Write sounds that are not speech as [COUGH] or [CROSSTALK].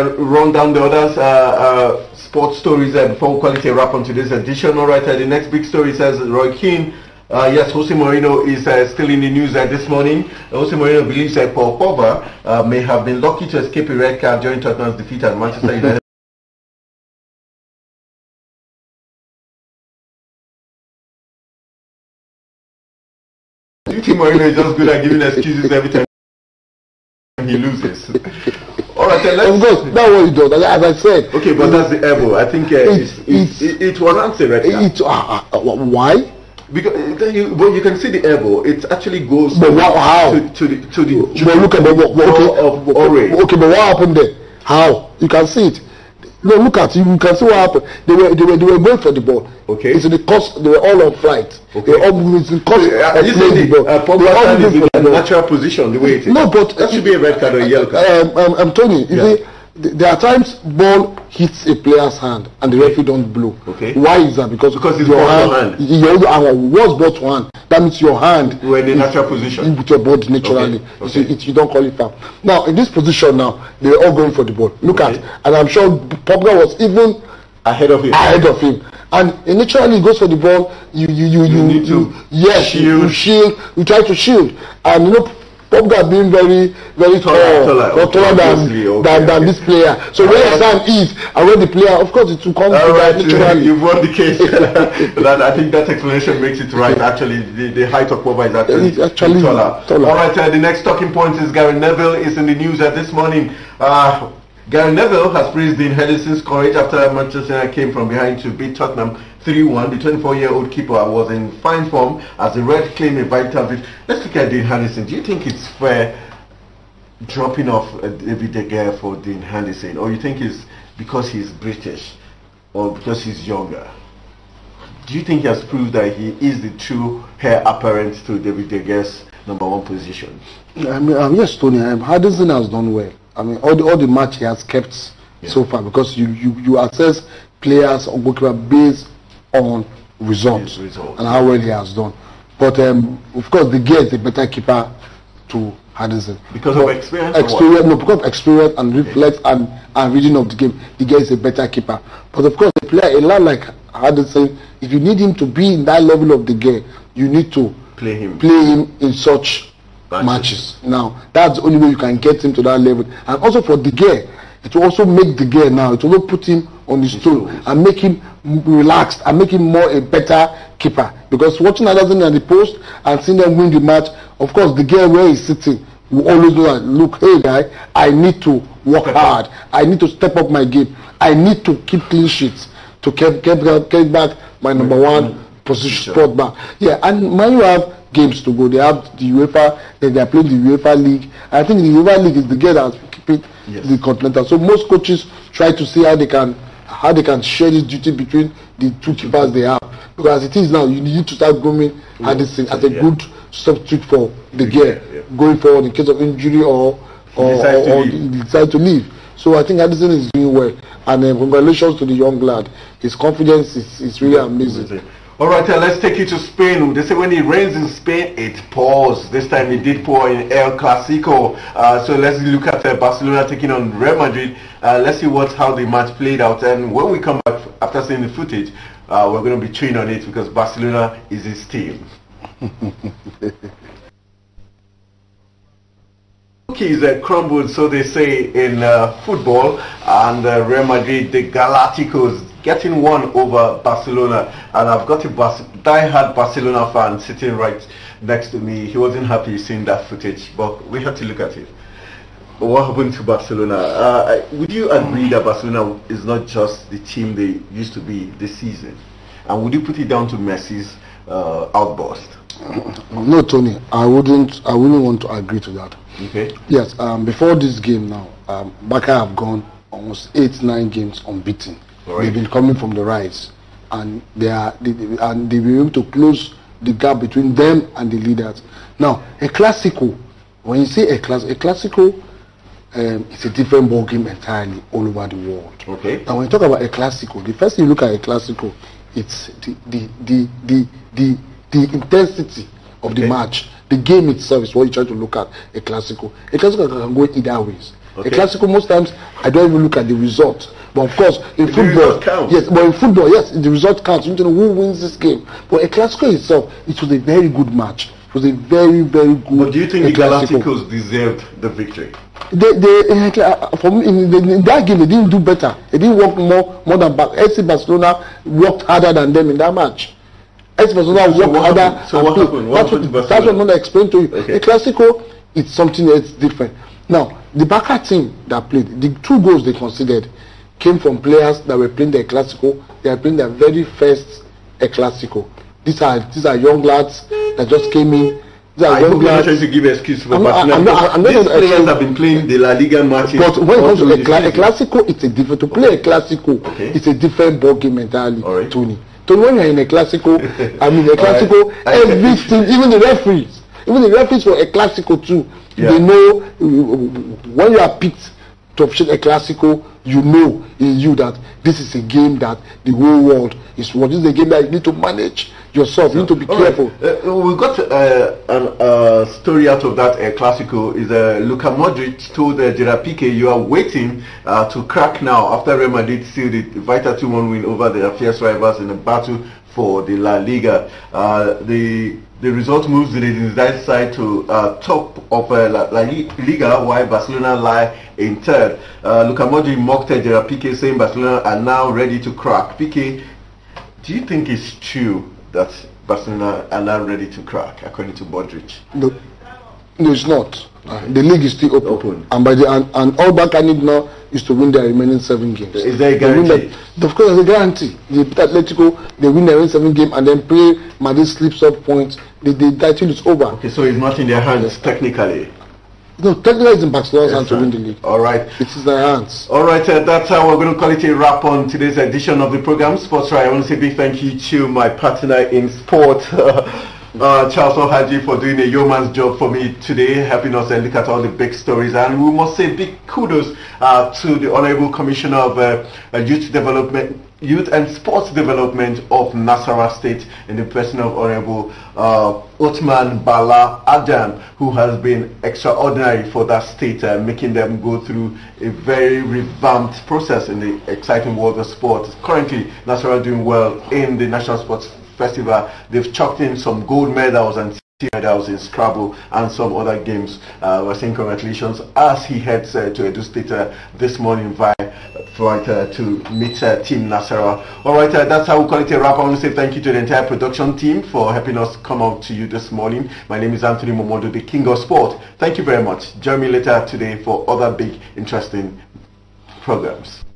Uh, run down the other uh, uh, sports stories and um, phone quality wrap on today's edition. All right, uh, the next big story says Roy Keane. Uh, yes, Jose Moreno is still in the news this morning. Jose Moreno believes that Paul Pogba may have been lucky to escape a red card during Tottenham's defeat at Manchester United. [LAUGHS] Moreno is just good at giving excuses every time he loses. [LAUGHS] right, Of course, that was done. As I said. Okay, but that's the elbow. I think uh, it it it, it was anti-rectal. It, uh, uh, why? because uh, then you but you can see the elbow it actually goes but what, how to, to the to the but look at the what, okay, of, of okay but what happened there how you can see it No, look at you. You can see what happened. They were they were they were going for the ball. Okay. It's in the course. They were all on flight. Okay. They were all it's in course. Uh, you say the, ball? uh, Pogba they all is in the natural position the way it is. No, but that should be a red card or a yellow card. Um, um, um Tony, you yeah. see, there are times ball hits a player's hand and the okay. referee don't blow. Okay. Why is that? Because, because it's your hand, hand. Your, your hand was brought to hand. That means your hand. You the natural position. you put your body naturally. Okay. Okay. So it, you don't call it foul. Now in this position now, they they're all going for the ball. Look okay. at, and I'm sure Pogba was even ahead of him. Ahead of him. And naturally he goes for the ball. You you you you, you, you yes, shield. you shield. You try to shield, and you know Pogba being very, very taller, taller, taller, taller than, okay, than, than okay. this player. So when right. Hassan is, and when the player, of course, it will come All right, naturally. You have won the case. [LAUGHS] that, I think that explanation makes it right. Actually, the, the height of Pogba is actually, actually taller. taller. All right, uh, the next talking point is Gary Neville is in the news this morning. Uh, Gary Neville has praised Dean Henderson's courage after Manchester United came from behind to beat Tottenham 3-1. The 24-year-old keeper was in fine form as the Reds claim a vital victory. Let's look at Dean Henderson. Do you think it's fair dropping off uh, David De Gea for Dean Henderson? Or you think it's because he's British or because he's younger? Do you think he has proved that he is the true heir apparent to David De Gea's number one position? I mean, um, yes, Tony. Um, Henderson has done well. I mean, all the, all the match he has kept yeah. so far because you, you, you assess players a goalkeeper based on results, results and how well he has done. But um, of course, the gear is a better keeper to Henderson because but of experience. Experience, no, because of experience and reflex yes. and, and reading of the game, the gear is a better keeper. But of course, a player, a lad like Henderson, if you need him to be in that level of the gear, you need to play him, play him in such matches. matches. Now, that's the only way you can get him to that level. And also for the gear, it will also make the gear now. It will put him on his, his and make him relaxed and make him more a better keeper. Because watching others in the post and seeing them win the match, of course, the guy where he's sitting will always know that, look, hey, guy, I need to work hard. I need to step up my game. I need to keep clean sheets to keep, keep, keep back my number mm-hmm. one position. Sure. Back. Yeah, and Man you have games to go. They have the UEFA, then they are playing the UEFA League. I think the UEFA League is the guy that's keeping yes. the continental. So most coaches try to see how they can how they can share this duty between the two keepers they have because it is now you need to start grooming Addison mm. as a yeah. good substitute for the gear yeah, going forward in case of injury or or decide or, or decide to leave so I think Addison is doing well and uh, congratulations to the young lad his confidence is is really amazing. amazing. All right, uh, let's take you to Spain. They say when it rains in Spain, it pours. This time it did pour in El Clasico. Uh, so let's look at uh, Barcelona taking on Real Madrid. Uh, let's see what how the match played out. And when we come back after seeing the footage, uh, we're going to be chewing on it because Barcelona is his team. [LAUGHS] cookies uh, crumbled, so they say in football, and Real Madrid, the Galacticos, getting one over Barcelona. And I've got a Bas- die-hard Barcelona fan sitting right next to me. He wasn't happy seeing that footage, but we had to look at it. What happened to Barcelona? Uh, would you agree that Barcelona is not just the team they used to be this season? And would you put it down to Messi's uh, outburst? No, Tony, I wouldn't. I wouldn't want to agree to that. Okay. Yes. Um, before this game now, um, Barca have gone almost eight, nine games unbeaten right. they've been coming from the right, and they are they, and they've been able to close the gap between them and the leaders. Now, a classical, when you say a class, a classical, um, it's a different ball game entirely all over the world. Okay. Now, when you talk about a classical, the first thing you look at a classical, it's the the the the the, the intensity of okay. the match. The game itself is what you try to look at a classical. A classical can go either ways. Okay. A classical most times I don't even look at the result. But of course, in the football, yes, but in football, yes, the result counts. You need to know who wins this game. But a Clasico itself, it was a very good match. It was a very, very good. But do you think the Galacticos deserved the victory? They, they, uh, for me, in, in, that game, they didn't do better. They didn't work more, more than Bar- FC Barcelona worked harder than them in that match. FC Barcelona so worked harder. So what happened? What that's, happened what, that's what I'm going to explain to you. Okay. The Clasico, it's something that's different. Now, the Barca team that played, the two goals they considered, came from players that were playing the classical. They are playing their very first eh, classical. These are these are young lads that just came in. These are I young lads. am trying to give excuse for Barcelona. these players have been playing the La Liga matches. But when it comes to a, cla- a it's a different. To play a classical. okay. it's a different ballgame mentality, All right. Tony. So when you're in a classical, I mean a [LAUGHS] classical, right. [LAUGHS] everything, even the referees, even the referees for a classical too, yeah. they know when you are picked, to officiate a classical, you know in you that this is a game that the whole world is watching. This is a game that you need to manage yourself. You need to be All careful. Right. Uh, uh, we got uh, a uh, story out of that uh, classical. Is uh, Luka Modric told uh, Gerard Piqué, "You are waiting uh, to crack now after Real Madrid sealed the vital 2-1 win over their fierce rivals in a battle for the La Liga." Uh, the the result moves the desired side to uh, top of uh, La, Liga, while Barcelona lie in third. Uh, Luka Modric mocked Gerard uh, Piqué, saying Barcelona are now ready to crack. Piqué, do you think it's true that Barcelona are now ready to crack, according to Modric? No, no, it's not. Ah, the league is still open. open. And by the and, and all Barca need now is to win their remaining seven games. Is there a guarantee? of course, there's a guarantee. They Atletico, they win their remaining seven game, and then play Madrid slips up points. The, the title is over. Okay, so it's not in their hands technically. No, technically it's in Barcelona's hands to win the league. All right. It's in their hands. All right, uh, that's how we're going to call it a wrap on today's edition of the program. Sports Right. I want to say big thank you to my partner in sport. [LAUGHS] uh, Charles Ohaji for doing a yeoman's job for me today, helping us and look at all the big stories. And we must say big kudos uh, to the Honorable Commissioner of uh, uh Youth Development, Youth and Sports Development of Nasarawa State in the person of Honorable uh, Otman Bala Adam, who has been extraordinary for that state, uh, making them go through a very revamped process in the exciting world of sports. Currently, Nasarawa doing well in the National Sports Festival. They've chucked in some gold medals and medals in Scrabble and some other games. Uh, we're seeing congratulations as he heads uh, to Edo State uh, this morning via flight uh, to meet uh, Team Nasara. All right, uh, that's how we call it a wrap. I want to say thank you to the entire production team for helping us come out to you this morning. My name is Anthony Momodo, the King of Sport. Thank you very much. Join me later today for other big, interesting programs.